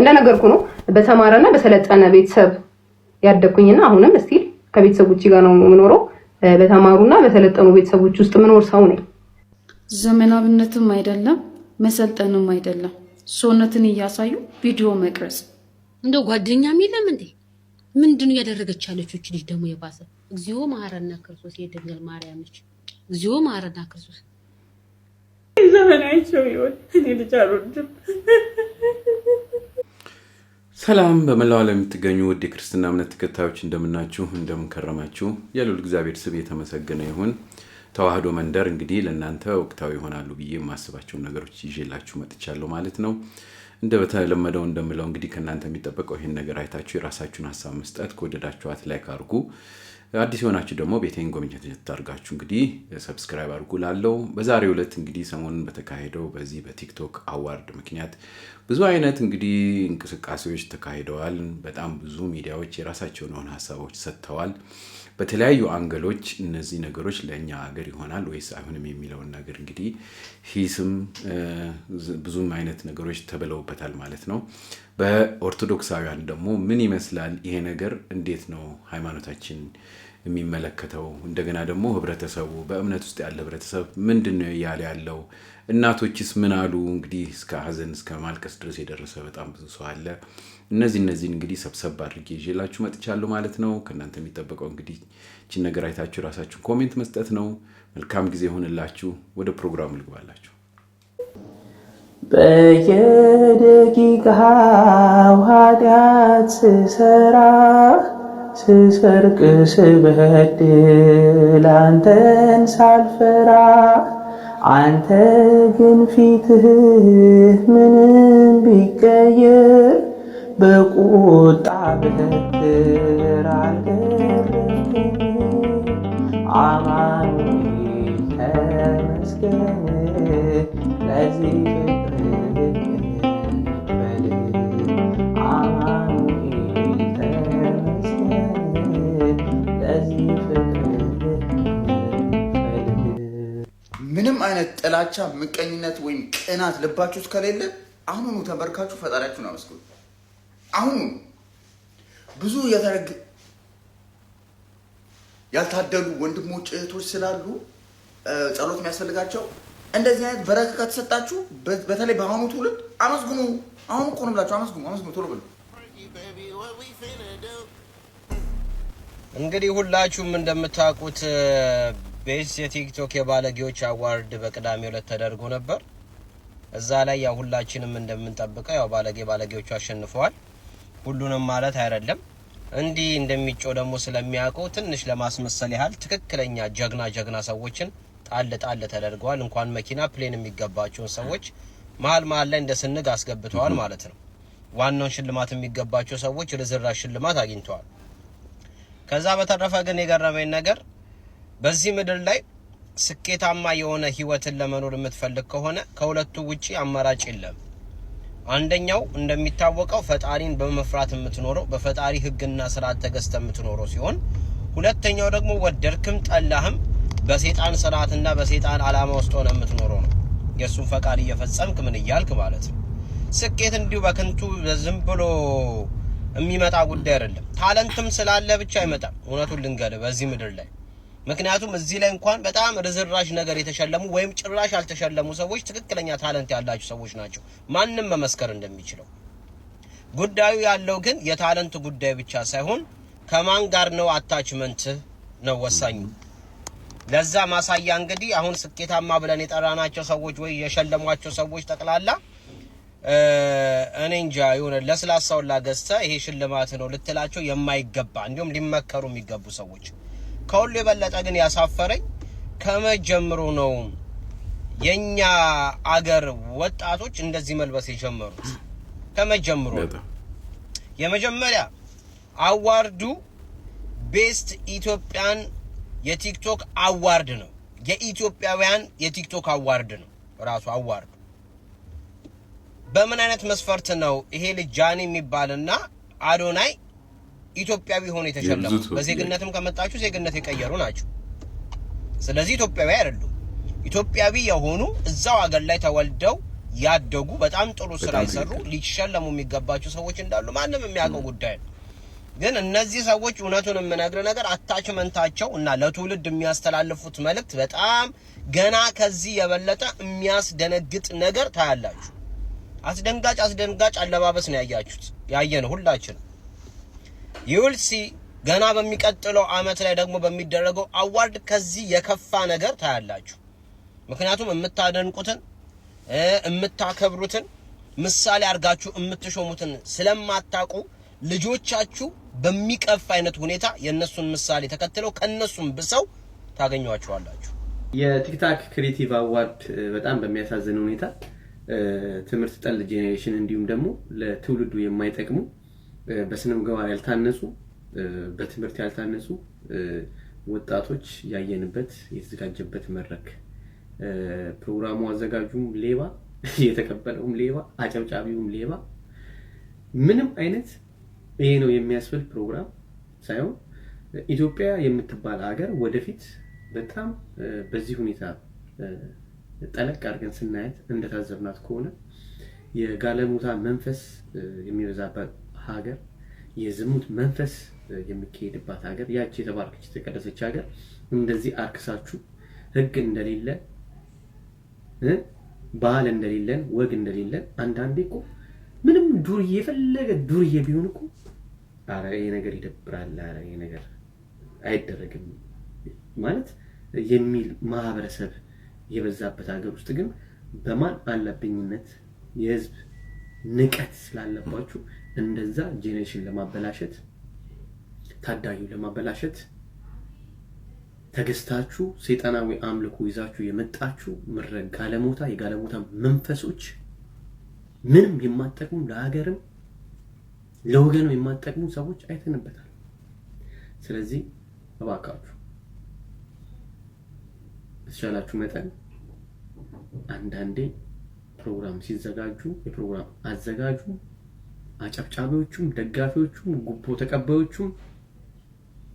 እንደነገርኩ ነው። በተማረና በሰለጠነ ቤተሰብ ያደግኩኝና አሁንም እስቲል ከቤተሰቦች ጋር ነው የምኖረው። በተማሩና በሰለጠኑ ቤተሰቦች ውስጥ ምኖር ሰው ነኝ። ዘመናዊነትም አይደለም መሰልጠንም አይደለም ሰውነትን እያሳዩ ቪዲዮ መቅረጽ። እንደው ጓደኛ የለም እንዴ? ምንድን ነው እያደረገች ያለችው ልጅ ደግሞ የባሰ። እግዚኦ መሐረነ ክርስቶስ፣ የድንግል ማርያምች፣ እግዚኦ መሐረነ ክርስቶስ። ዘመናቸው ይሆን እኔ ልጅ አልወድም ሰላም በመላው ዓለም የምትገኙ ውድ የክርስትና እምነት ተከታዮች እንደምናችሁ እንደምንከረማችሁ፣ የሉል እግዚአብሔር ስብ የተመሰገነ ይሁን። ተዋህዶ መንደር እንግዲህ ለእናንተ ወቅታዊ ይሆናሉ ብዬ የማስባቸውን ነገሮች ይዤላችሁ መጥቻለሁ ማለት ነው። እንደ በተለመደው እንደምለው እንግዲህ ከእናንተ የሚጠበቀው ይህን ነገር አይታችሁ የራሳችሁን ሀሳብ መስጠት ከወደዳችኋት ላይ ካርጉ አዲስ የሆናችሁ ደግሞ ቤቴን ጎብኝት ታደርጋችሁ እንግዲህ ሰብስክራይብ አድርጉ ላለው። በዛሬ ዕለት እንግዲህ ሰሞኑን በተካሄደው በዚህ በቲክቶክ አዋርድ ምክንያት ብዙ አይነት እንግዲህ እንቅስቃሴዎች ተካሂደዋል። በጣም ብዙ ሚዲያዎች የራሳቸውን የሆነ ሀሳቦች ሰጥተዋል። በተለያዩ አንገሎች እነዚህ ነገሮች ለእኛ ሀገር ይሆናል ወይስ አይሆንም የሚለውን ነገር እንግዲህ ሂስም ብዙም አይነት ነገሮች ተብለውበታል ማለት ነው። በኦርቶዶክሳውያን ደግሞ ምን ይመስላል ይሄ ነገር እንዴት ነው ሃይማኖታችን የሚመለከተው እንደገና ደግሞ ህብረተሰቡ በእምነት ውስጥ ያለ ህብረተሰብ ምንድን ነው እያለ ያለው? እናቶችስ ምን አሉ? እንግዲህ እስከ ሀዘን እስከ ማልቀስ ድረስ የደረሰ በጣም ብዙ ሰው አለ። እነዚህ እነዚህን እንግዲህ ሰብሰብ አድርጌ ይዤላችሁ መጥቻለሁ ማለት ነው። ከእናንተ የሚጠበቀው እንግዲህ ችን ነገር አይታችሁ ራሳችሁን ኮሜንት መስጠት ነው። መልካም ጊዜ ሆንላችሁ። ወደ ፕሮግራሙ ልግባላችሁ። በየደቂቃው ኃጢአት ስሰራ ስሰርቅ ስበድል አንተን ሳልፈራ አንተ ግን ፊትህ ምንም ቢቀየር በቁጣ ብትር አማኑኤል ተመስገን ለዚህ ምንም አይነት ጥላቻ፣ ምቀኝነት ወይም ቅናት ልባችሁ ውስጥ ከሌለ አሁኑኑ ተንበርካችሁ ፈጣሪያችሁን አመስግኑ። አሁን ብዙ የተረግ ያልታደሉ ወንድሞች እህቶች ስላሉ ጸሎት የሚያስፈልጋቸው እንደዚህ አይነት በረከት ከተሰጣችሁ በተለይ በአሁኑ ትውልድ አመስግኑ። አሁን እኮ ነው ብላችሁ አመስግኑ፣ አመስግኑ ቶሎ ብሎ እንግዲህ ሁላችሁም እንደምታውቁት ቤዝ የቲክቶክ የባለጌዎች አዋርድ በቅዳሜ ዕለት ተደርጎ ነበር። እዛ ላይ ያው ሁላችንም እንደምንጠብቀው ያው ባለጌ ባለጌዎቹ አሸንፈዋል። ሁሉንም ማለት አይደለም። እንዲህ እንደሚጮ ደግሞ ስለሚያውቁ ትንሽ ለማስመሰል ያህል ትክክለኛ ጀግና ጀግና ሰዎችን ጣል ጣል ተደርገዋል። እንኳን መኪና ፕሌን የሚገባቸውን ሰዎች መሀል መሀል ላይ እንደ ስንግ አስገብተዋል ማለት ነው። ዋናውን ሽልማት የሚገባቸው ሰዎች ርዝራዥ ሽልማት አግኝተዋል። ከዛ በተረፈ ግን የገረመኝ ነገር በዚህ ምድር ላይ ስኬታማ የሆነ ህይወትን ለመኖር የምትፈልግ ከሆነ ከሁለቱ ውጪ አማራጭ የለም። አንደኛው እንደሚታወቀው ፈጣሪን በመፍራት የምትኖረው በፈጣሪ ህግና ስርዓት ተገዝተ የምትኖረው ሲሆን ሁለተኛው ደግሞ ወደድክም ጠላህም በሴጣን ስርዓትና በሴጣን አላማ ውስጥ ሆነ የምትኖረው ነው። የእሱን ፈቃድ እየፈጸምክ ምን እያልክ ማለት ነው። ስኬት እንዲሁ በከንቱ ዝም ብሎ የሚመጣ ጉዳይ አይደለም። ታለንትም ስላለ ብቻ አይመጣም። እውነቱን ልንገር በዚህ ምድር ላይ ምክንያቱም እዚህ ላይ እንኳን በጣም ርዝራዥ ነገር የተሸለሙ ወይም ጭራሽ ያልተሸለሙ ሰዎች ትክክለኛ ታለንት ያላቸው ሰዎች ናቸው፣ ማንም መመስከር እንደሚችለው። ጉዳዩ ያለው ግን የታለንት ጉዳይ ብቻ ሳይሆን ከማን ጋር ነው አታችመንት ነው ወሳኙ። ለዛ ማሳያ እንግዲህ አሁን ስኬታማ ብለን የጠራናቸው ሰዎች ወይ የሸለሟቸው ሰዎች ጠቅላላ እኔ እንጃ የሆነ ለስላሳውን ላገዝተህ ይሄ ሽልማት ነው ልትላቸው የማይገባ እንዲሁም ሊመከሩ የሚገቡ ሰዎች ከሁሉ የበለጠ ግን ያሳፈረኝ ከመቼ ጀምሮ ነው የኛ አገር ወጣቶች እንደዚህ መልበስ የጀመሩት? ከመቼ ጀምሮ ነው? የመጀመሪያ አዋርዱ ቤስት ኢትዮጵያን የቲክቶክ አዋርድ ነው። የኢትዮጵያውያን የቲክቶክ አዋርድ ነው ራሱ አዋርዱ። በምን አይነት መስፈርት ነው ይሄ ልጅ ጃኒ የሚባልና አዶናይ ኢትዮጵያዊ ሆኖ የተሸለሙ በዜግነትም ከመጣችሁ ዜግነት የቀየሩ ናቸው። ስለዚህ ኢትዮጵያዊ አይደሉም። ኢትዮጵያዊ የሆኑ እዛው ሀገር ላይ ተወልደው ያደጉ በጣም ጥሩ ስራ የሰሩ ሊሸለሙ የሚገባቸው ሰዎች እንዳሉ ማንም የሚያውቀው ጉዳይ ነው። ግን እነዚህ ሰዎች እውነቱን የምነግር ነገር አታችመንታቸው እና ለትውልድ የሚያስተላልፉት መልእክት በጣም ገና ከዚህ የበለጠ የሚያስደነግጥ ነገር ታያላችሁ። አስደንጋጭ አስደንጋጭ አለባበስ ነው ያያችሁት ያየነ ሁላችን ሲ ገና በሚቀጥለው አመት ላይ ደግሞ በሚደረገው አዋርድ ከዚህ የከፋ ነገር ታያላችሁ። ምክንያቱም የምታደንቁትን የምታከብሩትን ምሳሌ አድርጋችሁ የምትሾሙትን ስለማታውቁ ልጆቻችሁ በሚቀፍ አይነት ሁኔታ የእነሱን ምሳሌ ተከትለው ከእነሱም ብሰው ታገኟቸዋላችሁ። የቲክታክ ክሪቲቭ አዋርድ በጣም በሚያሳዝን ሁኔታ ትምህርት ጠል ጄኔሬሽን እንዲሁም ደግሞ ለትውልዱ የማይጠቅሙ በስነ ምግባር ያልታነጹ በትምህርት ያልታነጹ ወጣቶች ያየንበት የተዘጋጀበት መድረክ ፕሮግራሙ አዘጋጁም ሌባ፣ የተቀበለውም ሌባ፣ አጨብጫቢውም ሌባ ምንም አይነት ይሄ ነው የሚያስብል ፕሮግራም ሳይሆን ኢትዮጵያ የምትባል ሀገር ወደፊት በጣም በዚህ ሁኔታ ጠለቅ አድርገን ስናያት እንደታዘብናት ከሆነ የጋለሞታ መንፈስ የሚበዛበት ሀገር የዝሙት መንፈስ የሚካሄድባት ሀገር ያቺ የተባረከች የተቀደሰች ሀገር እንደዚህ አርክሳችሁ ህግ እንደሌለ ባህል እንደሌለን ወግ እንደሌለን አንዳንዴ እኮ ምንም ዱርዬ የፈለገ ዱርዬ ቢሆን እኮ አረ ይሄ ነገር ይደብራል፣ አረ ይሄ ነገር አይደረግም ማለት የሚል ማህበረሰብ የበዛበት ሀገር ውስጥ ግን በማን አለብኝነት የህዝብ ንቀት ስላለባችሁ እንደዛ ጄኔሬሽን ለማበላሸት ታዳጊው ለማበላሸት ተገዝታችሁ ሰይጣናዊ አምልኮ ይዛችሁ የመጣችሁ ምረ ጋለሞታ የጋለሞታ መንፈሶች ምንም የማጠቅሙ ለሀገርም ለወገንም የማጠቅሙ ሰዎች አይተንበታል። ስለዚህ እባካችሁ በተቻላችሁ መጠን አንዳንዴ ፕሮግራም ሲዘጋጁ የፕሮግራም አዘጋጁ አጨብጫቢዎቹም ደጋፊዎቹም ጉቦ ተቀባዮቹም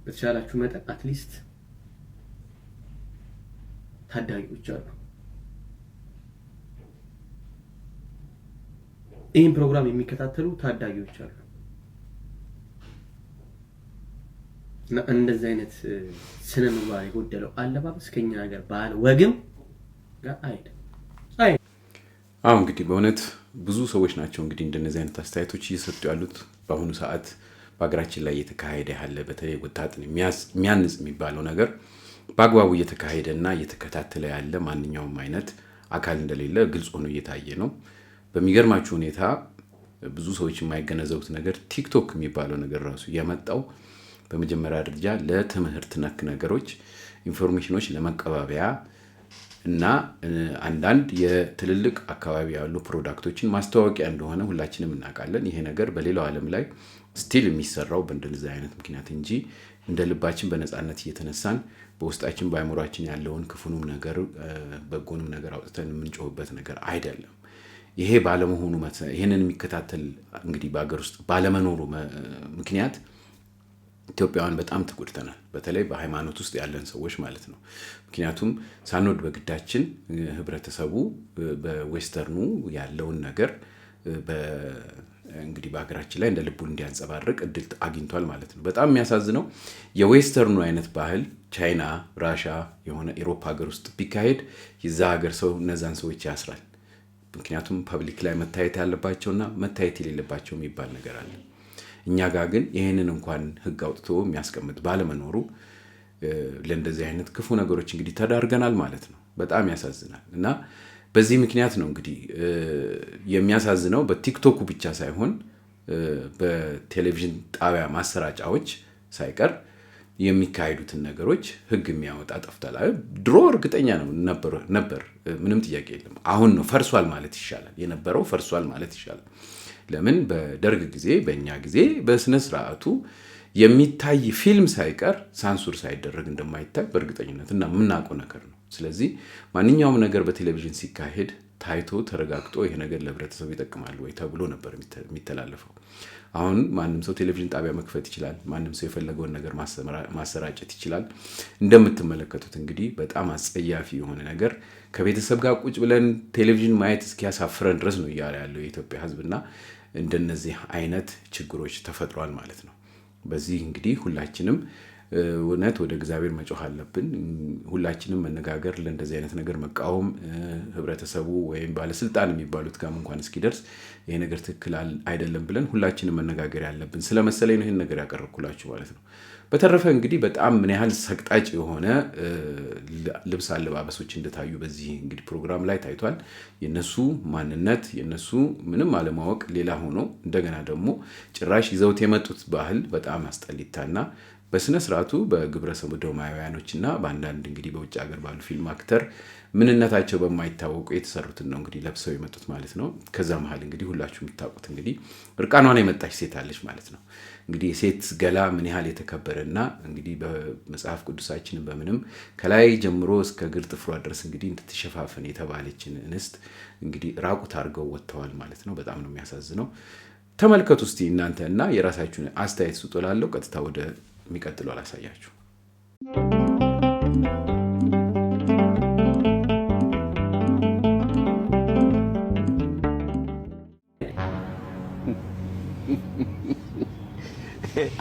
በተቻላችሁ መጠን አትሊስት ታዳጊዎች አሉ። ይህን ፕሮግራም የሚከታተሉ ታዳጊዎች አሉ እና እንደዚህ አይነት ስነ ምግባር የጎደለው አለባበስ ከኛ ሀገር ባህል ወግም ጋር አይ አሁ እንግዲህ በእውነት ብዙ ሰዎች ናቸው እንግዲህ እንደነዚህ አይነት አስተያየቶች እየሰጡ ያሉት በአሁኑ ሰዓት በሀገራችን ላይ እየተካሄደ ያለ በተለይ ወጣትን የሚያንጽ የሚባለው ነገር በአግባቡ እየተካሄደ እና እየተከታተለ ያለ ማንኛውም አይነት አካል እንደሌለ ግልጽ ሆኖ እየታየ ነው። በሚገርማችሁ ሁኔታ ብዙ ሰዎች የማይገነዘቡት ነገር ቲክቶክ የሚባለው ነገር ራሱ የመጣው በመጀመሪያ ደረጃ ለትምህርት ነክ ነገሮች ኢንፎርሜሽኖች ለመቀባበያ እና አንዳንድ የትልልቅ አካባቢ ያሉ ፕሮዳክቶችን ማስተዋወቂያ እንደሆነ ሁላችንም እናውቃለን። ይሄ ነገር በሌላው ዓለም ላይ ስቲል የሚሰራው በእንደዚህ አይነት ምክንያት እንጂ እንደ ልባችን በነፃነት እየተነሳን በውስጣችን በአእምሯችን ያለውን ክፉንም ነገር በጎንም ነገር አውጥተን የምንጮህበት ነገር አይደለም። ይሄ ባለመሆኑ ይህንን የሚከታተል እንግዲህ በሀገር ውስጥ ባለመኖሩ ምክንያት ኢትዮጵያውያን በጣም ተጎድተናል። በተለይ በሃይማኖት ውስጥ ያለን ሰዎች ማለት ነው። ምክንያቱም ሳንወድ በግዳችን ህብረተሰቡ በዌስተርኑ ያለውን ነገር እንግዲህ በሀገራችን ላይ እንደ ልቡ እንዲያንጸባርቅ እድል አግኝቷል ማለት ነው። በጣም የሚያሳዝነው የዌስተርኑ አይነት ባህል ቻይና፣ ራሻ የሆነ ኤሮፓ ሀገር ውስጥ ቢካሄድ የዛ ሀገር ሰው እነዛን ሰዎች ያስራል። ምክንያቱም ፐብሊክ ላይ መታየት ያለባቸውና መታየት የሌለባቸው የሚባል ነገር አለ። እኛ ጋር ግን ይህንን እንኳን ህግ አውጥቶ የሚያስቀምጥ ባለመኖሩ ለእንደዚህ አይነት ክፉ ነገሮች እንግዲህ ተዳርገናል ማለት ነው። በጣም ያሳዝናል። እና በዚህ ምክንያት ነው እንግዲህ የሚያሳዝነው በቲክቶኩ ብቻ ሳይሆን በቴሌቪዥን ጣቢያ ማሰራጫዎች ሳይቀር የሚካሄዱትን ነገሮች ህግ የሚያወጣ ጠፍቷል። ድሮ እርግጠኛ ነው ነበር፣ ምንም ጥያቄ የለም። አሁን ነው ፈርሷል ማለት ይሻላል። የነበረው ፈርሷል ማለት ይሻላል። ለምን በደርግ ጊዜ በእኛ ጊዜ በስነ ስርዓቱ የሚታይ ፊልም ሳይቀር ሳንሱር ሳይደረግ እንደማይታይ በእርግጠኝነት እና የምናውቀው ነገር ነው። ስለዚህ ማንኛውም ነገር በቴሌቪዥን ሲካሄድ ታይቶ ተረጋግጦ ይሄ ነገር ለህብረተሰቡ ይጠቅማል ወይ ተብሎ ነበር የሚተላለፈው። አሁን ማንም ሰው ቴሌቪዥን ጣቢያ መክፈት ይችላል። ማንም ሰው የፈለገውን ነገር ማሰራጨት ይችላል። እንደምትመለከቱት እንግዲህ በጣም አስጸያፊ የሆነ ነገር ከቤተሰብ ጋር ቁጭ ብለን ቴሌቪዥን ማየት እስኪያሳፍረን ድረስ ነው እያለ ያለው የኢትዮጵያ ህዝብና እንደነዚህ አይነት ችግሮች ተፈጥሯል ማለት ነው። በዚህ እንግዲህ ሁላችንም እውነት ወደ እግዚአብሔር መጮህ አለብን። ሁላችንም መነጋገር፣ ለእንደዚህ አይነት ነገር መቃወም፣ ህብረተሰቡ ወይም ባለስልጣን የሚባሉት ጋም እንኳን እስኪደርስ ይሄ ነገር ትክክል አይደለም ብለን ሁላችንም መነጋገር ያለብን ስለመሰለኝ ነው ይህን ነገር ያቀረብኩላችሁ ማለት ነው። በተረፈ እንግዲህ በጣም ምን ያህል ሰቅጣጭ የሆነ ልብስ አለባበሶች እንደታዩ በዚህ እንግዲህ ፕሮግራም ላይ ታይቷል። የነሱ ማንነት የነሱ ምንም አለማወቅ ሌላ ሆኖ እንደገና ደግሞ ጭራሽ ይዘውት የመጡት ባህል በጣም አስጠሊታና በስነ ስርዓቱ በግብረ ሰዶማውያኖች እና በአንዳንድ እንግዲህ በውጭ ሀገር ባሉ ፊልም አክተር ምንነታቸው በማይታወቁ የተሰሩትን ነው እንግዲህ ለብሰው የመጡት ማለት ነው። ከዛ መሀል እንግዲህ ሁላችሁ የምታውቁት እንግዲህ እርቃኗን የመጣች ሴት አለች ማለት ነው። እንግዲህ የሴት ገላ ምን ያህል የተከበረ እና እንግዲህ በመጽሐፍ ቅዱሳችን በምንም ከላይ ጀምሮ እስከ ግር ጥፍሯ ድረስ እንግዲህ እንድትሸፋፍን የተባለችን እንስት እንግዲህ ራቁት አድርገው ወጥተዋል ማለት ነው። በጣም ነው የሚያሳዝነው። ተመልከቱ እስቲ እናንተ እና የራሳችሁን አስተያየት ስጡ። ቀጥታ ወደ የሚቀጥለው አላሳያችሁ።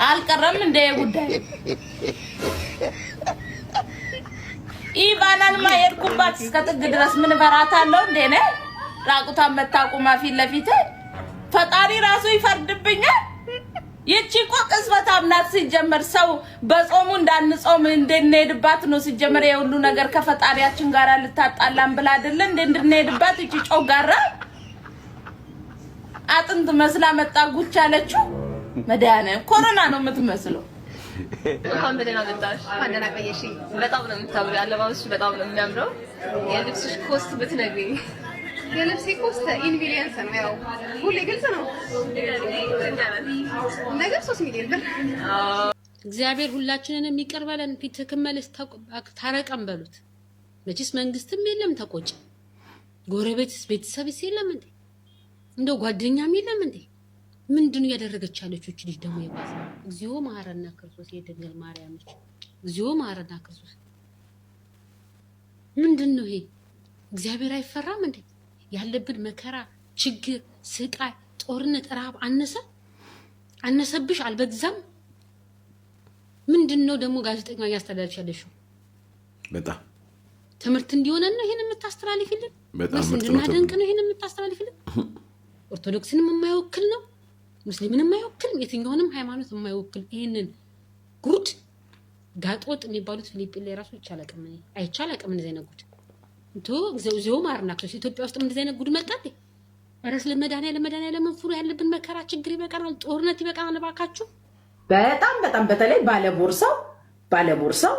አልቀረም እንደ ጉዳይ ኢቫናንማ የሄድኩባት እስከ ጥግ ድረስ ምን እፈራታለሁ እንዴ? ነ ራቁቷን መታቁማ ፊት ለፊት ፈጣሪ ራሱ ይፈርድብኛል። ይቺ እኮ ቅጽበት አምናት ሲጀመር ሰው በጾሙ እንዳንጾም እንድንሄድባት ነው ሲጀመር የሁሉ ነገር ከፈጣሪያችን ጋር ልታጣላን ብላ አይደለ እንደ እንድንሄድባት ይቺ ጮጋራ አጥንት መስላ መጣ ጉች አለችው። መድኃኒዓለም ኮሮና ነው የምትመስለው። እንኳን በደህና መጣሽ። እንኳን ደህና ቆየሽኝ። በጣም ነው የምታምሪ። አለባበስሽ በጣም ነው የሚያምረው። የልብስሽ ኮስት ብትነግሪኝ። የልብሴ ኮስት ኢንቪሊየንስ ነው። ያው ሁሌ ግልጽ ነው ነገር ሶስት ሚሊዮን ብር። እግዚአብሔር ሁላችንንም ይቅር በለን። ፊት ክመልስ ታረቀም በሉት። መቼስ መንግስትም የለም ተቆጭ፣ ጎረቤትስ ቤተሰብስ የለም እንዴ? እንደው ጓደኛም የለም እንዴ? ምንድን እያደረገች ያለችች ልጅ ደግሞ የባሰ እግዚኦ ማረና ክርስቶስ የድንግል ማርያምች እግዚኦ ማረና ክርስቶስ ምንድን ነው ይሄ? እግዚአብሔር አይፈራም እንዴ? ያለብን መከራ፣ ችግር፣ ስቃይ፣ ጦርነት፣ ረሃብ አነሰ አነሰብሽ? አልበዛም? ምንድን ነው ደግሞ ጋዜጠኛ እያስተላለፍሽ ያለሽው? በጣም ትምህርት እንዲሆነ ነው ይህን የምታስተላልፊልን? በጣም ነው። እንድናደንቅ ነው ይህን የምታስተላልፊልን? ኦርቶዶክስንም የማይወክል ነው ሙስሊምን የማይወክል የትኛውንም ሃይማኖት የማይወክል ይህንን ጉድ ጋጦጥ የሚባሉት ፊሊፒን ላይ ራሱ ይቻላቅም አይቻላቅም። እንደዚህ ዓይነት ጉድ እንቶ ዚሁ ማርናክሶች ኢትዮጵያ ውስጥ እንደዚህ ዓይነት ጉድ መጣት ረስ ለመዳን ያለ ለመንፍሩ ያለብን መከራ ችግር ይበቃናል፣ ጦርነት ይበቃናል። እባካችሁ በጣም በጣም በተለይ ባለቦርሳው ባለቦርሳው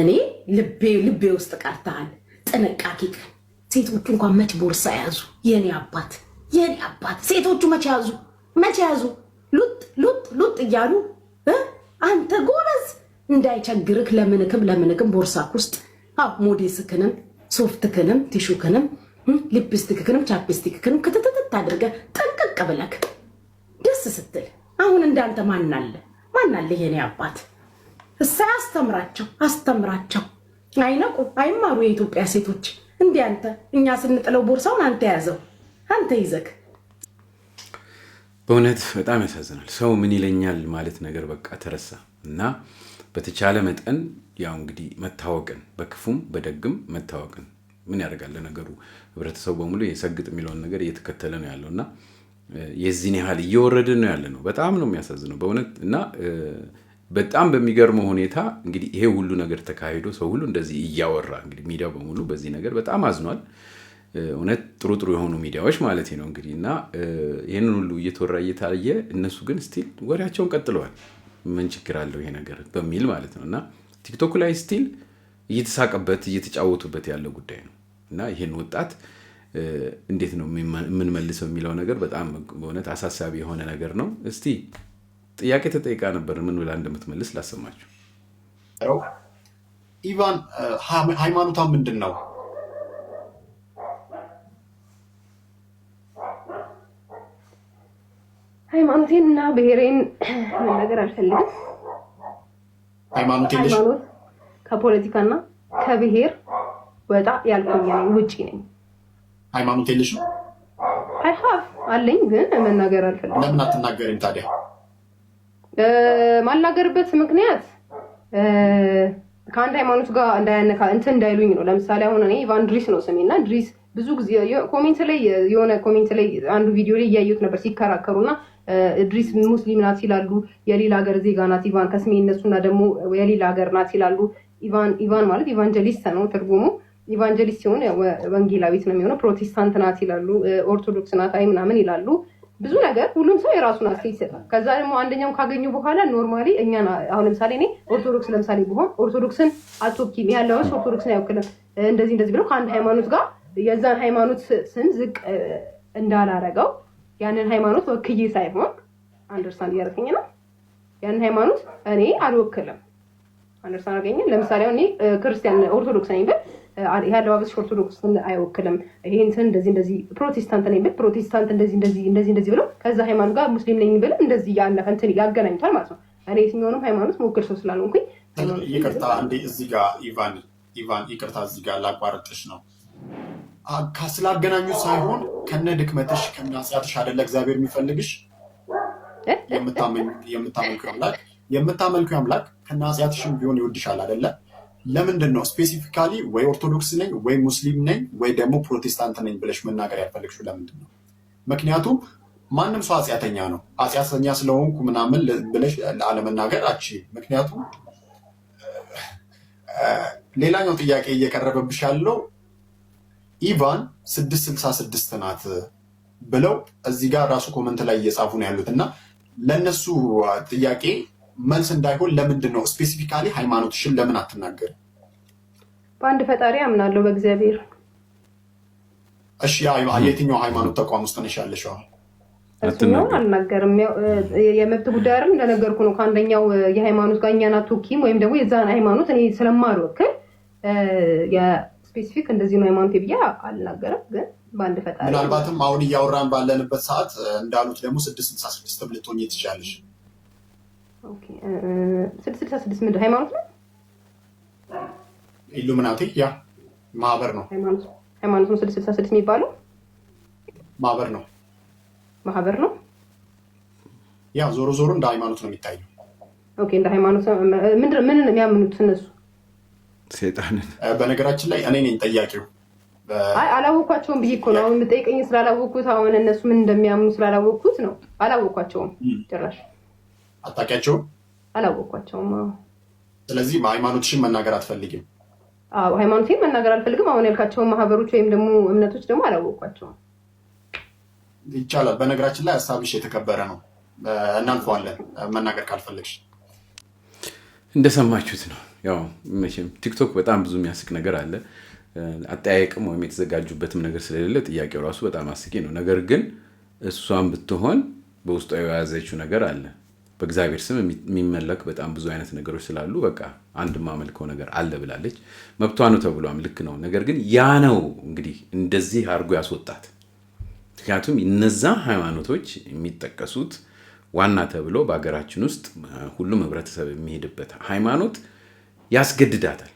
እኔ ልቤ ልቤ ውስጥ ቀርተሃል። ጥንቃቄ ቀን ሴቶቹ እንኳን መች ቦርሳ ያዙ? የኔ አባት የኔ አባት ሴቶቹ መች ያዙ? መቼ ያዙ? ሉጥ ሉጥ ሉጥ እያሉ አንተ ጎበዝ እንዳይቸግርክ ለምንክም ለምንክም ቦርሳክ ውስጥ አው ሞዴስክንም ሶፍትክንም ቲሹክንም ሊፕስቲክክንም ቻፕስቲክክንም ክትትትት አድርገ ጠንቀቅ ብለክ ደስ ስትል። አሁን እንዳንተ ማናለ ማናለ? የኔ አባት እሳ አስተምራቸው አስተምራቸው። አይነቁ አይማሩ የኢትዮጵያ ሴቶች እንዲህ አንተ እኛ ስንጥለው ቦርሳውን አንተ ያዘው አንተ ይዘክ በእውነት በጣም ያሳዝናል። ሰው ምን ይለኛል ማለት ነገር በቃ ተረሳ እና በተቻለ መጠን ያው እንግዲህ መታወቅን በክፉም በደግም መታወቅን ምን ያደርጋል ነገሩ ህብረተሰቡ በሙሉ የሰግጥ የሚለውን ነገር እየተከተለ ነው ያለው እና የዚህን ያህል እየወረድን ነው ያለ ነው። በጣም ነው የሚያሳዝነው በእውነት እና በጣም በሚገርመው ሁኔታ እንግዲህ ይሄ ሁሉ ነገር ተካሂዶ ሰው ሁሉ እንደዚህ እያወራ እንግዲህ ሚዲያው በሙሉ በዚህ ነገር በጣም አዝኗል። እውነት ጥሩ ጥሩ የሆኑ ሚዲያዎች ማለት ነው እንግዲህ እና ይህንን ሁሉ እየተወራ እየታየ እነሱ ግን ስቲል ወሬያቸውን ቀጥለዋል። ምን ችግር አለው ይሄ ነገር በሚል ማለት ነው እና ቲክቶክ ላይ ስቲል እየተሳቀበት እየተጫወቱበት ያለው ጉዳይ ነው እና ይህን ወጣት እንዴት ነው የምንመልሰው የሚለው ነገር በጣም በእውነት አሳሳቢ የሆነ ነገር ነው። እስቲ ጥያቄ ተጠይቃ ነበር፣ ምን ብላ እንደምትመልስ ላሰማችሁ። ኢቫን ሃይማኖቷ ምንድን ነው? ሃይማኖቴን እና ብሔሬን መናገር አልፈልግም። ሃይማኖት ከፖለቲካና ከብሔር ወጣ ያልኩኝ ነኝ፣ ውጭ ነኝ። ሃይማኖት የለሽ ነው? አይ ሀብ አለኝ፣ ግን መናገር አልፈልግም። ለምን አትናገርም ታዲያ? ማናገርበት ምክንያት ከአንድ ሃይማኖት ጋር እንዳያነካ እንትን እንዳይሉኝ ነው። ለምሳሌ አሁን እኔ ኢቫን ድሪስ ነው ስሜና ድሪስ ብዙ ጊዜ ኮሜንት ላይ የሆነ ኮሜንት ላይ አንዱ ቪዲዮ ላይ እያየሁት ነበር ሲከራከሩና እድሪስ ሙስሊም ናት ይላሉ፣ የሌላ ሀገር ዜጋ ናት ኢቫን ከስሜ እነሱና ደግሞ የሌላ ሀገር ናት ይላሉ። ኢቫን ማለት ኢቫንጀሊስት ነው ትርጉሙ። ኢቫንጀሊስት ሲሆን ወንጌላዊት ነው የሚሆነው። ፕሮቴስታንት ናት ይላሉ፣ ኦርቶዶክስ ናት አይ ምናምን ይላሉ። ብዙ ነገር ሁሉም ሰው የራሱን አስተያየት ይሰጣል። ከዛ ደግሞ አንደኛው ካገኙ በኋላ ኖርማሊ እኛ አሁን ለምሳሌ እኔ ኦርቶዶክስ ለምሳሌ ብሆን ኦርቶዶክስን አቶኪም ያለውስ ኦርቶዶክስን አይወክልም እንደዚህ እንደዚህ ብለው ከአንድ ሃይማኖት ጋር የዛን ሃይማኖት ስም ዝቅ እንዳላረገው ያንን ሃይማኖት ወክዬ ሳይሆን አንደርስታንድ እያደረገኝ ነው። ያንን ሃይማኖት እኔ አልወክልም። አንደርስታንድ አድርገኝ። ለምሳሌ እኔ ክርስቲያን ኦርቶዶክስ ነኝ ብል የአለባበስሽ ኦርቶዶክስ አይወክልም። ይሄ እንትን እንደዚህ እንደዚህ ፕሮቴስታንት ነኝ ብል ፕሮቴስታንት እንደዚህ እንደዚህ እንደዚህ እንደዚህ ብሎ ከዛ ሃይማኖት ጋር ሙስሊም ነኝ ብል እንደዚህ ያለፈ እንትን ያገናኝቷል ማለት ነው። እኔ የትኛውንም ሃይማኖት መወክል ሰው ስላልሆንኩኝ ይቅርታ። እንዴ እዚህ ጋር ኢቫን ኢቫን ይቅርታ፣ እዚህ ጋር ላቋረጥሽ ነው ስላገናኙ ሳይሆን ከነ ድክመትሽ ከነ አስራትሽ አደለ እግዚአብሔር የሚፈልግሽ። የምታመልኪው አምላክ የምታመልኩ አምላክ ከነ አስራትሽም ቢሆን ይወድሻል አደለ? ለምንድን ነው ስፔሲፊካሊ ወይ ኦርቶዶክስ ነኝ ወይ ሙስሊም ነኝ ወይ ደግሞ ፕሮቴስታንት ነኝ ብለሽ መናገር ያልፈለግሽው ለምንድን ነው? ምክንያቱም ማንም ሰው አጽያተኛ ነው። አጽያተኛ ስለሆንኩ ምናምን ብለሽ አለመናገር አቺ ምክንያቱም ሌላኛው ጥያቄ እየቀረበብሽ ያለው ኢቫን 666 ናት ብለው እዚህ ጋር ራሱ ኮመንት ላይ እየጻፉ ነው ያሉት እና ለእነሱ ጥያቄ መልስ እንዳይሆን ለምንድን ነው ስፔሲፊካሊ ሃይማኖትሽን ለምን አትናገር? በአንድ ፈጣሪ አምናለሁ በእግዚአብሔር። እሺ የትኛው ሃይማኖት ተቋም ውስጥ ነሽ ያለሽው? እሱኛውን አልናገርም። የመብት ጉዳይ አይደል እንደነገርኩ ነው። ከአንደኛው የሃይማኖት ጋር እኛን አትወኪም ወይም ደግሞ የዛን ሃይማኖት እኔ ስለማልወክል ስፔሲፊክ እንደዚህ ነው ሃይማኖቴ ብዬ አልናገርም፣ ግን በአንድ ፈጣሪ ምናልባትም አሁን እያወራን ባለንበት ሰዓት እንዳሉት ደግሞ ስድስት ስልሳ ስድስት ልትሆኚ ትችያለሽ። ስድስት ስልሳ ስድስት ምንድን ሃይማኖት ነው? ኢሉሚናቴ ያ ማህበር ነው። ሃይማኖት ነው ስድስት ስልሳ ስድስት የሚባለው ማህበር ነው። ማህበር ነው። ያ ዞሮ ዞሮ እንደ ሃይማኖት ነው የሚታየው። እንደ ሃይማኖት ምንድን ምን የሚያምኑት እነሱ ሴጣንን በነገራችን ላይ እኔ ነኝ ጠያቂው። አይ አላወኳቸውም ብዬ እኮ ነው አሁን የምጠይቀኝ ስላላወኩት፣ አሁን እነሱ ምን እንደሚያምኑ ስላላወኩት ነው። አላወኳቸውም፣ ጭራሽ አታውቂያቸውም? አላወኳቸውም። ስለዚህ ሃይማኖትሽን መናገር አትፈልጊም? ሃይማኖቴን መናገር አልፈልግም። አሁን ያልካቸውን ማህበሮች ወይም ደግሞ እምነቶች ደግሞ አላወኳቸውም። ይቻላል። በነገራችን ላይ ሀሳብሽ የተከበረ ነው። እናልፈዋለን መናገር ካልፈለግሽ እንደሰማችሁት ነው። ያው መቼም ቲክቶክ በጣም ብዙ የሚያስቅ ነገር አለ። አጠያየቅም ወይም የተዘጋጁበትም ነገር ስለሌለ ጥያቄው ራሱ በጣም አስቂ ነው። ነገር ግን እሷም ብትሆን በውስጧ የያዘችው ነገር አለ። በእግዚአብሔር ስም የሚመለክ በጣም ብዙ አይነት ነገሮች ስላሉ በቃ አንድ ማመልከው ነገር አለ ብላለች። መብቷ ነው ተብሏም ልክ ነው። ነገር ግን ያ ነው እንግዲህ እንደዚህ አድርጎ ያስወጣት። ምክንያቱም እነዛ ሃይማኖቶች የሚጠቀሱት ዋና ተብሎ በሀገራችን ውስጥ ሁሉም ህብረተሰብ የሚሄድበት ሃይማኖት ያስገድዳታል።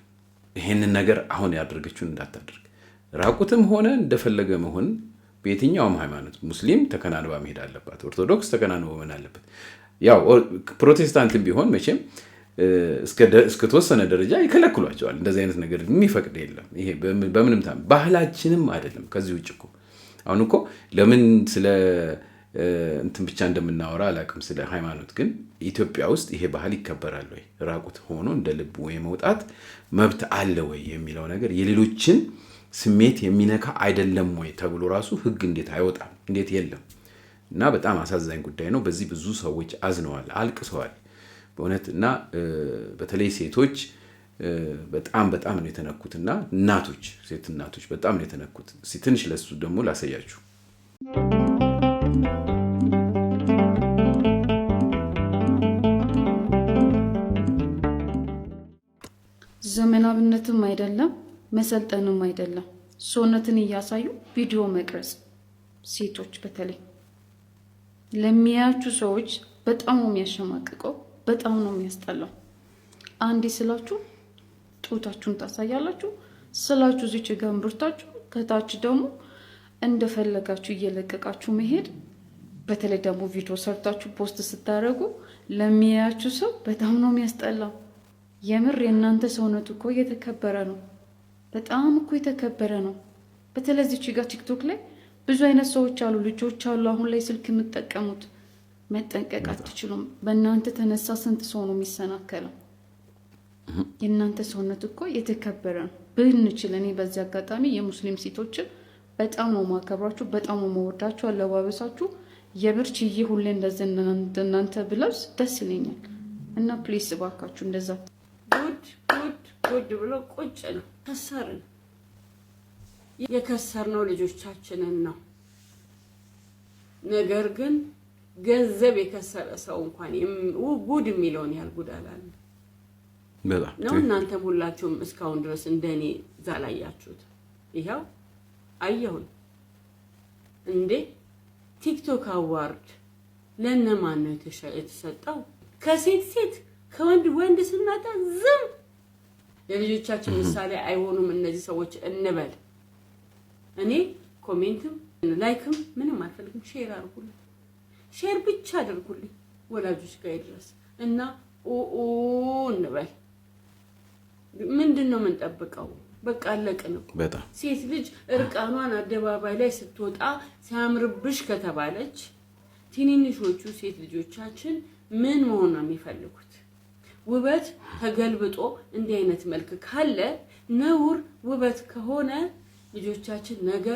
ይህንን ነገር አሁን ያደረገችውን እንዳታደርግ ራቁትም ሆነ እንደፈለገ መሆን በየትኛውም ሃይማኖት ሙስሊም ተከናንባ መሄድ አለባት። ኦርቶዶክስ ተከናንባ መሆን አለበት። ያው ፕሮቴስታንትም ቢሆን መቼም እስከተወሰነ ደረጃ ይከለክሏቸዋል። እንደዚህ አይነት ነገር የሚፈቅድ የለም። ይሄ በምንም ባህላችንም አይደለም። ከዚህ ውጭ እኮ አሁን እኮ ለምን ስለ እንትን ብቻ እንደምናወራ አላቅም ስለ ሃይማኖት ግን ኢትዮጵያ ውስጥ ይሄ ባህል ይከበራል ወይ፣ ራቁት ሆኖ እንደ ልቡ የመውጣት መብት አለ ወይ የሚለው ነገር የሌሎችን ስሜት የሚነካ አይደለም ወይ ተብሎ ራሱ ህግ እንዴት አይወጣም? እንዴት የለም? እና በጣም አሳዛኝ ጉዳይ ነው። በዚህ ብዙ ሰዎች አዝነዋል፣ አልቅሰዋል በእውነት እና በተለይ ሴቶች በጣም በጣም ነው የተነኩት እና እናቶች ሴት እናቶች በጣም ነው የተነኩት። ትንሽ ለሱ ደግሞ ላሳያችሁ። ዘመናዊነትም አይደለም መሰልጠንም አይደለም ሰውነትን እያሳዩ ቪዲዮ መቅረጽ ሴቶች በተለይ ለሚያያችሁ ሰዎች በጣም ነው የሚያሸማቅቀው፣ በጣም ነው የሚያስጠላው። አንዲ ስላችሁ ጡታችሁን ታሳያላችሁ ስላችሁ ዚች ገንብርታችሁ ከታች ደግሞ እንደፈለጋችሁ እየለቀቃችሁ መሄድ። በተለይ ደግሞ ቪዲዮ ሰርታችሁ ፖስት ስታደረጉ ለሚያያችሁ ሰው በጣም ነው የሚያስጠላው። የምር የእናንተ ሰውነት እኮ እየተከበረ ነው። በጣም እኮ የተከበረ ነው። በተለዚች ጋር ቲክቶክ ላይ ብዙ አይነት ሰዎች አሉ፣ ልጆች አሉ። አሁን ላይ ስልክ የምጠቀሙት መጠንቀቅ አትችሉም። በእናንተ ተነሳ ስንት ሰው ነው የሚሰናከለው? የእናንተ ሰውነት እኮ የተከበረ ነው። ብንችል እኔ በዚህ አጋጣሚ የሙስሊም ሴቶችን በጣም ነው ማከብራችሁ፣ በጣም ነው መወዳችሁ። አለባበሳችሁ የብር ችዬ ሁሌ እንደዚህ እናንተ ብለብስ ደስ ይለኛል። እና ፕሊስ እባካችሁ እንደዛ ጉድ ጉድ ጉድ ብሎ ቁጭ ነው። ከሰርን የከሰርነው ልጆቻችንን ነው። ነገር ግን ገንዘብ የከሰረ ሰው እንኳን ጉድ የሚለውን ያህል ጉድ አላለ ነው። እናንተም ሁላችሁም እስካሁን ድረስ እንደኔ ዛላያችሁት ይኸው አየሁን እንዴ! ቲክቶክ አዋርድ ለእነማን ነው የተሰጠው? ከሴት ሴት ከወንድ ወንድ ስናጣ ዝም ለልጆቻችን ምሳሌ አይሆኑም እነዚህ ሰዎች እንበል። እኔ ኮሜንትም ላይክም ምንም አልፈልግም። ሼር አድርጉልኝ፣ ሼር ብቻ አድርጉልኝ ወላጆች ጋር ድረስ እና ኦኦ እንበል። ምንድን ነው የምንጠብቀው? በቃ አለቅን። በጣም ሴት ልጅ እርቃኗን አደባባይ ላይ ስትወጣ ሲያምርብሽ ከተባለች ትንንሾቹ ሴት ልጆቻችን ምን መሆን ነው የሚፈልጉት? ውበት ተገልብጦ እንዲህ አይነት መልክ ካለ ነውር ውበት ከሆነ ልጆቻችን ነገ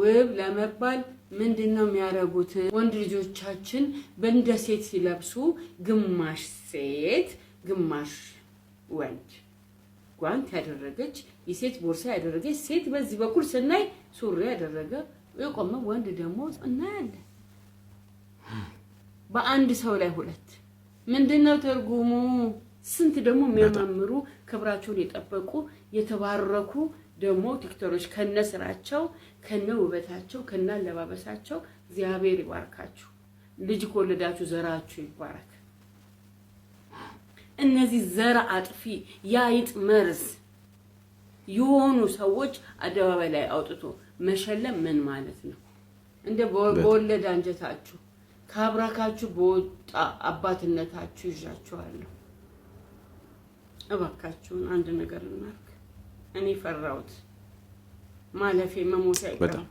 ውብ ለመባል ምንድን ነው የሚያደርጉት? ወንድ ልጆቻችን በእንደ ሴት ሲለብሱ ግማሽ ሴት ግማሽ ወንድ፣ ጓንት ያደረገች የሴት ቦርሳ ያደረገች ሴት በዚህ በኩል ስናይ ሱሪ ያደረገ የቆመ ወንድ ደግሞ እናያለን። በአንድ ሰው ላይ ሁለት ምንድነው ትርጉሙ? ስንት ደግሞ የሚያማምሩ ክብራቸውን የጠበቁ የተባረኩ ደግሞ ቲክቶሮች ከነ ስራቸው ከነ ውበታቸው ከነ አለባበሳቸው እግዚአብሔር ይባርካችሁ። ልጅ ከወለዳችሁ ዘራችሁ ይባረክ። እነዚህ ዘር አጥፊ የአይጥ መርዝ የሆኑ ሰዎች አደባባይ ላይ አውጥቶ መሸለም ምን ማለት ነው? እንደ በወለድ አንጀታችሁ ከአብራካችሁ በወጣ አባትነታችሁ ይዣችኋለሁ። እባካችሁን አንድ ነገር እናርግ። እኔ ፈራሁት ማለፌ መሞት አይቀርም።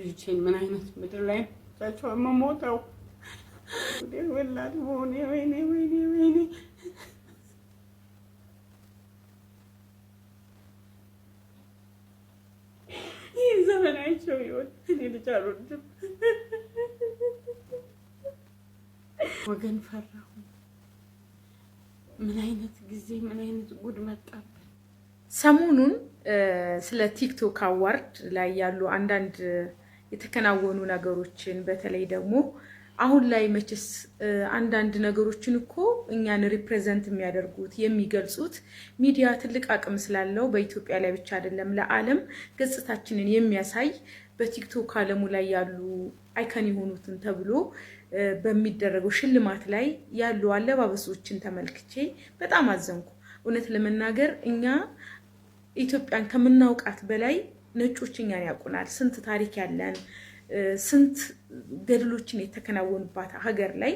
ልጆቼን ምን አይነት ምድር ላይ ቸው መሞተው ወላድ በሆነ ወይኔ ወይኔ ወይኔ ይህ ዘመናቸው ይሆን እኔ ልጅ አልወድም ወገን ፈራሁ። ምን አይነት ጊዜ ምን አይነት ጉድ መጣብን። ሰሞኑን ስለ ቲክቶክ አዋርድ ላይ ያሉ አንዳንድ የተከናወኑ ነገሮችን በተለይ ደግሞ አሁን ላይ መቼስ አንዳንድ ነገሮችን እኮ እኛን ሪፕሬዘንት የሚያደርጉት የሚገልጹት ሚዲያ ትልቅ አቅም ስላለው በኢትዮጵያ ላይ ብቻ አይደለም፣ ለዓለም ገጽታችንን የሚያሳይ በቲክቶክ ዓለሙ ላይ ያሉ አይከን የሆኑትን ተብሎ በሚደረገው ሽልማት ላይ ያሉ አለባበሶችን ተመልክቼ በጣም አዘንኩ። እውነት ለመናገር እኛ ኢትዮጵያን ከምናውቃት በላይ ነጮች እኛን ያውቁናል። ስንት ታሪክ ያለን ስንት ገድሎችን የተከናወኑባት ሀገር ላይ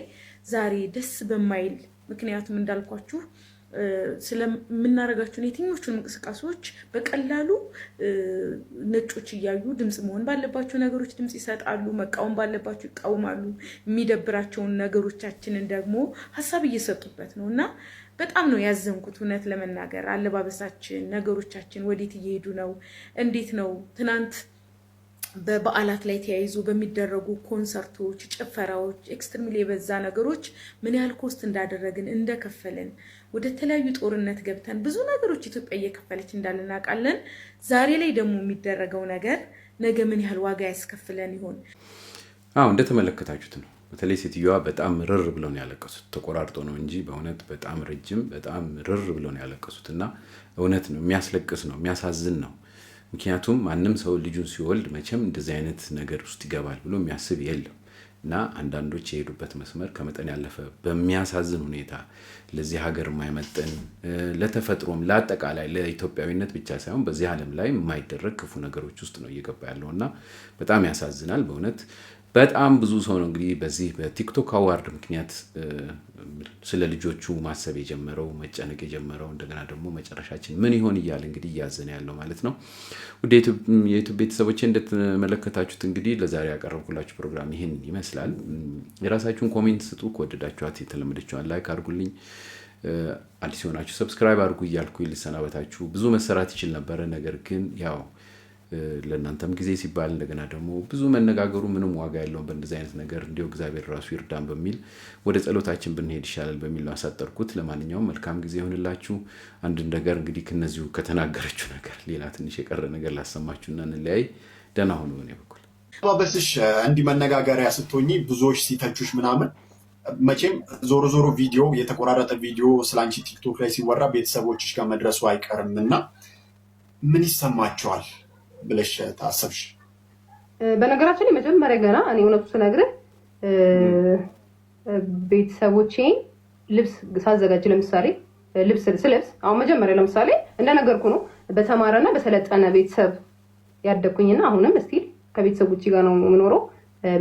ዛሬ ደስ በማይል ምክንያቱም እንዳልኳችሁ ስለምናደርጋቸውን የትኞቹን እንቅስቃሴዎች በቀላሉ ነጮች እያዩ ድምፅ መሆን ባለባቸው ነገሮች ድምፅ ይሰጣሉ፣ መቃወም ባለባቸው ይቃወማሉ። የሚደብራቸውን ነገሮቻችንን ደግሞ ሀሳብ እየሰጡበት ነው እና በጣም ነው ያዘንኩት። እውነት ለመናገር አለባበሳችን፣ ነገሮቻችን ወዴት እየሄዱ ነው? እንዴት ነው? ትናንት በበዓላት ላይ ተያይዞ በሚደረጉ ኮንሰርቶች፣ ጭፈራዎች፣ ኤክስትሪምሊ የበዛ ነገሮች ምን ያህል ኮስት እንዳደረግን እንደከፈልን ወደ ተለያዩ ጦርነት ገብተን ብዙ ነገሮች ኢትዮጵያ እየከፈለች እንዳለ እናውቃለን። ዛሬ ላይ ደግሞ የሚደረገው ነገር ነገ ምን ያህል ዋጋ ያስከፍለን ይሆን? አዎ እንደተመለከታችሁት ነው። በተለይ ሴትዮዋ በጣም ርር ብለው ነው ያለቀሱት። ተቆራርጦ ነው እንጂ በእውነት በጣም ረጅም፣ በጣም ርር ብለው ነው ያለቀሱት እና እውነት ነው የሚያስለቅስ ነው የሚያሳዝን ነው። ምክንያቱም ማንም ሰው ልጁን ሲወልድ መቼም እንደዚህ አይነት ነገር ውስጥ ይገባል ብሎ የሚያስብ የለም። እና አንዳንዶች የሄዱበት መስመር ከመጠን ያለፈ በሚያሳዝን ሁኔታ ለዚህ ሀገር የማይመጥን ለተፈጥሮም፣ ለአጠቃላይ ለኢትዮጵያዊነት ብቻ ሳይሆን በዚህ ዓለም ላይ የማይደረግ ክፉ ነገሮች ውስጥ ነው እየገባ ያለው እና በጣም ያሳዝናል በእውነት በጣም ብዙ ሰው ነው እንግዲህ በዚህ በቲክቶክ አዋርድ ምክንያት ስለ ልጆቹ ማሰብ የጀመረው መጨነቅ የጀመረው እንደገና ደግሞ መጨረሻችን ምን ይሆን እያለ እንግዲህ እያዘነ ያለው ማለት ነው። ወደ የዩቱብ ቤተሰቦች እንደተመለከታችሁት እንግዲህ ለዛሬ ያቀረብኩላችሁ ፕሮግራም ይህን ይመስላል። የራሳችሁን ኮሜንት ስጡ። ከወደዳችኋት የተለመደችዋን ላይክ አድርጉልኝ። አዲስ የሆናችሁ ሰብስክራይብ አድርጉ እያልኩ ልሰናበታችሁ። ብዙ መሰራት ይችል ነበረ፣ ነገር ግን ያው ለእናንተም ጊዜ ሲባል እንደገና ደግሞ ብዙ መነጋገሩ ምንም ዋጋ ያለውን በእንደዚህ አይነት ነገር እንዲሁ እግዚአብሔር ራሱ ይርዳን በሚል ወደ ጸሎታችን ብንሄድ ይሻላል በሚል ነው ያሳጠርኩት። ለማንኛውም መልካም ጊዜ ይሆንላችሁ። አንድ ነገር እንግዲህ ከነዚሁ ከተናገረችው ነገር ሌላ ትንሽ የቀረ ነገር ላሰማችሁና እንለያይ። ደህና ሁኑ። በኔ በኩል አለባበስሽ እንዲህ መነጋገሪያ ስትሆኚ ብዙዎች ሲተቹሽ ምናምን መቼም ዞሮ ዞሮ ቪዲዮ የተቆራረጠ ቪዲዮ ስለአንቺ ቲክቶክ ላይ ሲወራ ቤተሰቦችሽ ጋር መድረሱ አይቀርም እና ምን ይሰማቸዋል? ብለሽ ታሰብሽ? በነገራችን ላይ መጀመሪያ ገና እኔ እውነቱ ስነግርህ ቤተሰቦቼን ልብስ ሳዘጋጅ ለምሳሌ ልብስ ስለብስ አሁን መጀመሪያ ለምሳሌ እንደነገርኩ ነው በተማረና በሰለጠነ ቤተሰብ ያደግኩኝና አሁንም እስቲል ከቤተሰቦቼ ጋር ነው የምኖረው።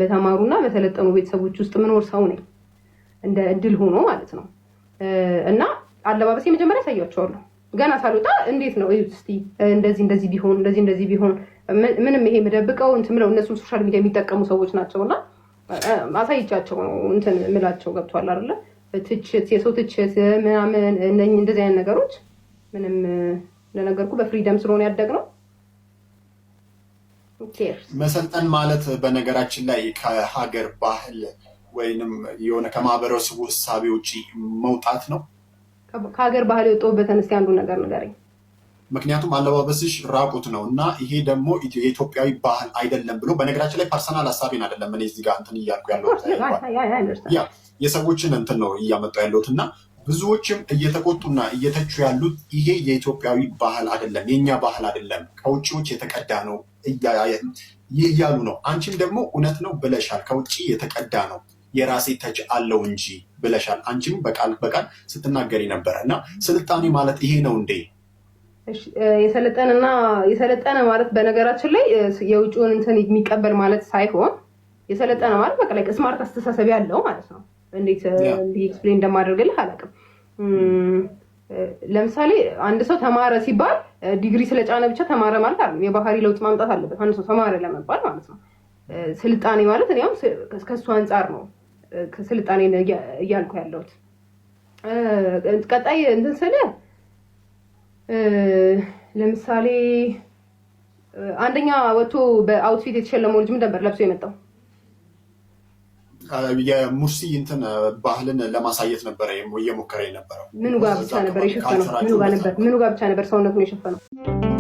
በተማሩና በሰለጠኑ ቤተሰቦች ውስጥ ምኖር ሰው ነኝ እንደ እድል ሆኖ ማለት ነው። እና አለባበሴ መጀመሪያ ያሳያቸዋለሁ ገና ሳልወጣ እንዴት ነው እስቲ እንደዚህ እንደዚህ ቢሆን እንደዚህ እንደዚህ ቢሆን ምንም ይሄ የምደብቀው እንትን ምለው እነሱም ሶሻል ሚዲያ የሚጠቀሙ ሰዎች ናቸው እና አሳይቻቸው ነው እንትን ምላቸው ገብቷል አይደለ ትችት የሰው ትችት ምናምን እንደዚህ አይነት ነገሮች ምንም እንደነገርኩ በፍሪደም ስለሆነ ነው መሰልጠን ማለት በነገራችን ላይ ከሀገር ባህል ወይንም የሆነ ከማህበረሰቡ እሳቤ ውጪ መውጣት ነው ከሀገር ባህል የወጣሁበትን እስኪ አንዱ ነገር ንገረኝ። ምክንያቱም አለባበስሽ ራቁት ነው እና ይሄ ደግሞ የኢትዮጵያዊ ባህል አይደለም ብሎ በነገራችን ላይ ፐርሰናል ሀሳቤን አይደለም እኔ እዚህ ጋር እንትን እያልኩ ያለሁት ያ የሰዎችን እንትን ነው እያመጣሁ ያለሁት እና ብዙዎችም እየተቆጡና እየተቹ ያሉት ይሄ የኢትዮጵያዊ ባህል አይደለም፣ የእኛ ባህል አይደለም፣ ከውጭዎች የተቀዳ ነው እያሉ ነው። አንቺም ደግሞ እውነት ነው ብለሻል፣ ከውጭ የተቀዳ ነው የራሴ ተች አለው እንጂ ብለሻል። አንቺም በቃል በቃል ስትናገሪ ነበረ እና ስልጣኔ ማለት ይሄ ነው እንዴ? የሰለጠነና የሰለጠነ ማለት በነገራችን ላይ የውጭውን እንትን የሚቀበል ማለት ሳይሆን የሰለጠነ ማለት በቃ ላይ ስማርት አስተሳሰብ ያለው ማለት ነው። እንዴት ኤክስፕሌን እንደማደርግልህ አላውቅም። ለምሳሌ አንድ ሰው ተማረ ሲባል ዲግሪ ስለጫነ ብቻ ተማረ ማለት አይደለም። የባህሪ ለውጥ ማምጣት አለበት አንድ ሰው ተማረ ለመባል ማለት ነው። ስልጣኔ ማለት እኔ ከሱ አንጻር ነው ስልጣኔ እያልኩ ያለሁት። ቀጣይ እንትን ስለ ለምሳሌ አንደኛ ወጥቶ በአውትፊት የተሸለመው ልጅ ምን ነበር ለብሶ የመጣው? የሙርሲ እንትን ባህልን ለማሳየት ነበረ እየሞከረ የነበረው። ምኑ ብቻ ነበር የሸፈነው? ምኑ ጋ ብቻ ነበር ሰውነቱን የሸፈነው?